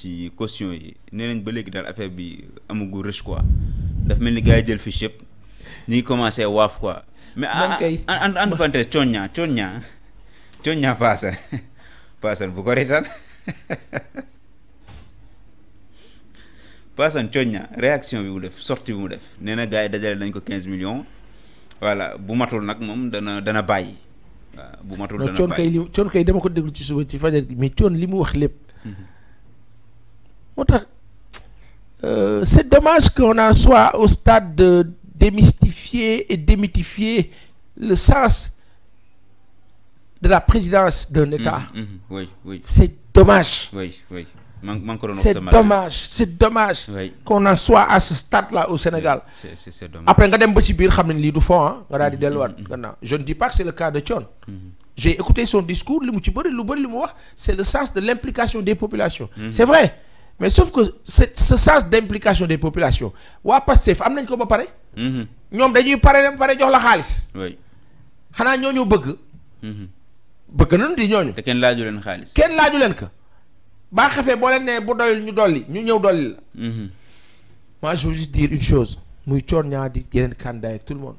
ci caution yi nee nañ ba léegi daal affaire bi amagu riche quoi daf mel ni gars yi jël fiche yëpp ñu ngi commencé waaf quoi. mais en en parenthèse coññaa coññaa coññaa paasal paasal bu ko reetaan paasal coññaa réaction bi mu def sortie bi mu def nee na gaa yi dajale nañ ko 15 millions voilà bu matul nag moom dana dana bàyyi. waaw bu matul dana bàyyi non coon kay li dama ko déglu ci suba ci fajar mais coon li mu wax lépp. Mhm. moo tax euh, c'est dommage qu'on en soit au stade de démystifier et démythifier le sens de la présidence d'un État. Mmh, mmh, oui, oui. C'est dommage. Oui, oui. C'est dommage, c'est dommage oui. qu'on en soit à ce stade-là au Sénégal. C'est dommage. Après, ah. je ne dis pas que c'est le cas de Tchon. Mmh. J'ai écouté son discours, c'est le sens de l'implication des populations. C'est vrai. mais sauf que ce ce sens d'implication des populations waa Pastef am nañ ko ba pare. Mhm. ñoom dañuy pare pare jox la xaalis. oui xanaa ñooñu bëgg. Mhm. bëgg nañu di ñu te kenn laaju leen xaalis. kenn laaju leen ko baa xefee boo leen nee bu doyul ñu dolli ñu ñëw dolli la. Mhm. moi je veux juste une chose muy coor ñaar di yeneen candidat tout le monde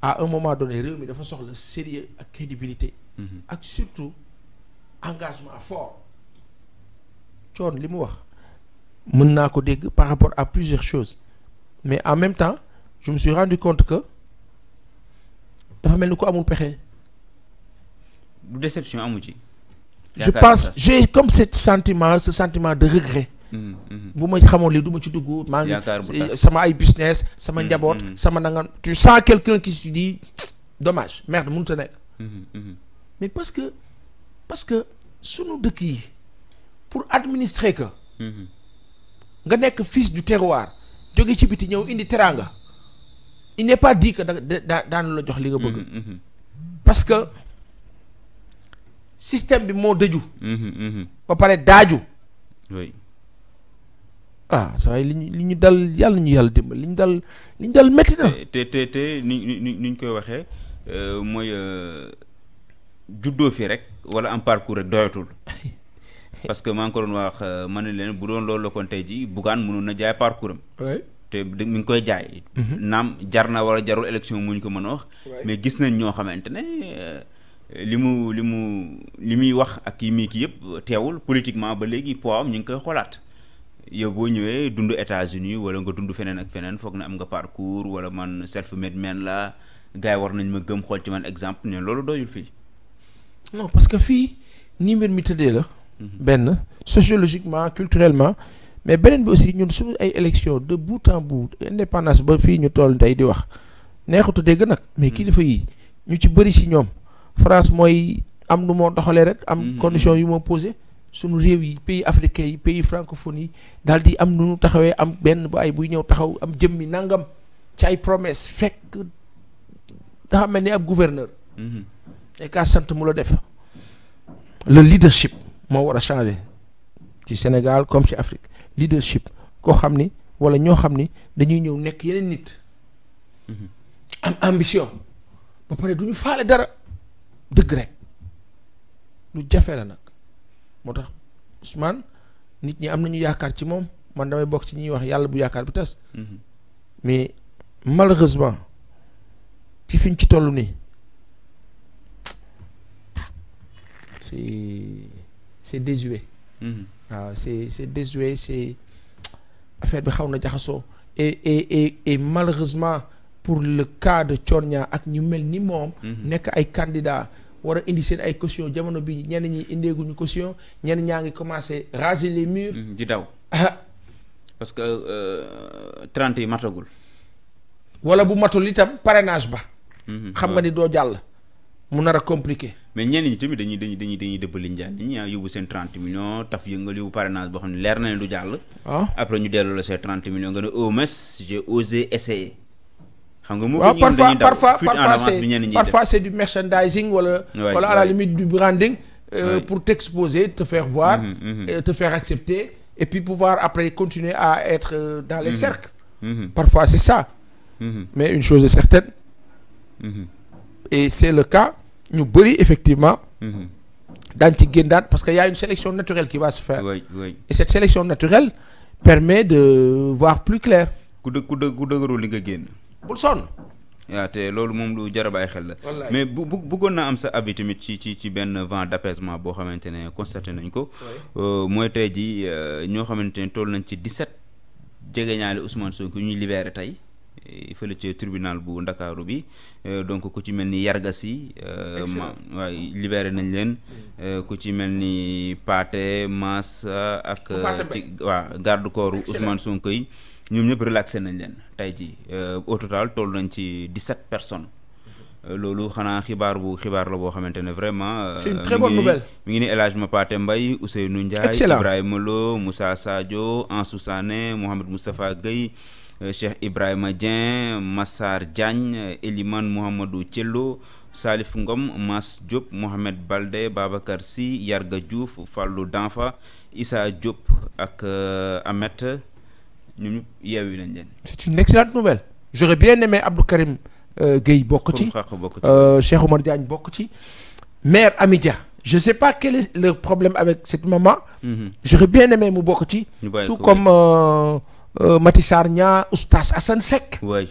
à un moment donné réew mi dafa soxla sérieux ak crédibilité. ak surtout engagement fort. coon li mu wax mën naa ko dégg par rapport à plusieurs choses mais en même temps je me suis rendu compte que dafa mel ni ko amul pexe. déception amu ci. je pense je comme cet sentiment ce sentiment de regret. Mm, mm. bu ma xamoon lii du ma ci dugg. maa sama ay business. sama mm, njaboot sama nangam. tu sens quelqu'un qui se dit dommage merde mënut a nekk. mais parce que parce que sunu dëkk yi. pour administrer que mm-hmm. nga nekk fils du terroir jóge ci biti ñëw indi teraanga il n'est pas dit que da daanu la jox li nga bëgg mm-hmm, mm-hmm. parce que système bi moo dëju ba pare daaju ah saa yi li ñu li ñu dal yàlla ñu yàlla dimbal li ñu dal li ñu dal métti na te te te ni ni ni ñu koy waxee euh, mooy euh, juddoo fi rek wala am parcours rek doyatul parce que maa ko doon wax euh, ma ne leen bu doon loolu la kon tey jii Bougane mënoon na jaay parcours am. te mi ngi koy jaay. Mhm. naam jar na wala jarul élection mu ñu ko mën a wax. mais gis nañ ñoo xamante ne euh, li mu li mu li muy wax ak yi muy kii yëpp teewul politiquement ba léegi poids am ñu ngi koy xoolaat. yow boo ñëwee dund États-Unis wala nga dund feneen ak feneen foog ne am nga parcours wala man self-made man la gars war nañ ma gëm xool ci man exemple ne loolu doyul fii. Mhm. benn sociologiquement culturellement mais beneen bi aussi ñun suñu ay élection de bout en bout indépendance ba fii ñu toll tey di wax neexutu dégg nag mais kilifa mhm. yi ñu ci bëri si ñoom France mooy am nu moo doxalee rek am mhm. condition yu moo posé suñu réew yi pays africains yi pays francophones yi daal di am nu ñu taxawee am benn bu ay buy ñëw taxaw am jëmmi nangam ci ay promesse fekk dafa mel ni ab gouverneur et ka sant mu la def le leadership moo war a changer ci Sénégal comme ci Afrique leadership koo xam ni wala ñoo xam ni dañuy ñëw nekk yeneen nit mm-hmm. am ambition ba pare du ñu faale dara dëgg rek lu jafe la nag moo tax Ousmane nit ñi am nañu yaakaar ci moom man damay bokk ci ñuy wax yàlla bu yaakaar bi tas mm-hmm. mais malheureusement ci fiñ ci toll nii c'est désuet waaw mm-hmm. ah, c'est c'est désuet c'est affaire bi xaw na jaxasoo et malheureusement pour le cas de Thionia ak ñu mel ni moom mm-hmm. nekk ay candidats war a indi seen ay caution jamono bi ñenn ñi indeeguñu caution ñenn ñaa ngi commencé raser les murs mm-hmm. di daw ah. parce que euh, trente yi matagul wala bu matul itam parrainage ba xam nga ni doo jàll mun nar a mais ñenn ñi tamit dañuy dañuy dañuy dañuy dëbbali njaan nit ñi ah, yóbbu seen 30 millions taf yëngal yóbbu parrainage boo xam ne leer na ne du jàll. waaw ah. après ñu delloo la seen 30 millions nga ne au oh, moins j'ai osé essayer. xam nga moo ko ah, ñoom dañuy daw fuite en avance bi ñenn ñi parfois c'est du merchandising wala. wala à la limite du branding. Euh, pour t'exposer te faire voir. Mm-hmm, mm-hmm. Euh, te faire accepter et puis pouvoir après continuer à être euh, dans les mm-hmm. cercles. parfois c'est ça. mais une chose et c'est le cas ñu bëri effectivement mhm. daañ ci génnaat parce que yaa a une sélection naturelle qui va se faire oui, oui. et cette sélection naturelle permet de voir plus clair ku dë ku dë dëgëru li nga génn bul sonn waaw te loolu moom lu jar a bàyyi xel la mais bu bu bëggoon naa am sa avis tamit ci ci ci benn vent d'apaisement boo xamante ne constaté nañ ko euh, mooy tey ji euh, ñoo xamante ne tool nañ ci 17 jegeñaale Ousmane Sonko ñuy libéré tey Eh, fële ca tribunal bu ndakaaru bi eh, donc ku ci mel ni yarga si eh, ma waaye libere nañ leen ku ci mel ni Paate Maas ak waa garde corps Ousmane Sonko yi ñoom ñëpp relaxé nañ leen tey ji au total toll nañ ci 17 personnes loolu xanaa xibaar bu xibaar la boo xamante ne vraiment. mu ngi ni El Hadj Mapaté Mbaye Ousseynou Ndiaye. Ibrahima Lo Moussa Sadio Ansou Sané Mouhamed Moustapha Guèye. Euh, Cheikh Ibrahima Dieng Massar Diagne Elimane Mouhamadou Thiello Salif Ngom Mass Diop Mohamed Balde Babacar Sy Yarga Diouf Fallou Danfa Issa Diop ak euh, Amet ñun ñëpp yeewu nañ leen. c'est une excellente nouvelle. j'aurais bien aimé Abdou Karim euh, Gueye bokk ci Cheikh Oumar Diagne bokk ci maire Amidia je sais pas quel est le problème avec cette maman. Mhm. j'aurais bien aimé mu bokk tout comme. Euh, Mati Sarr ñaa oustaz Assane Seck.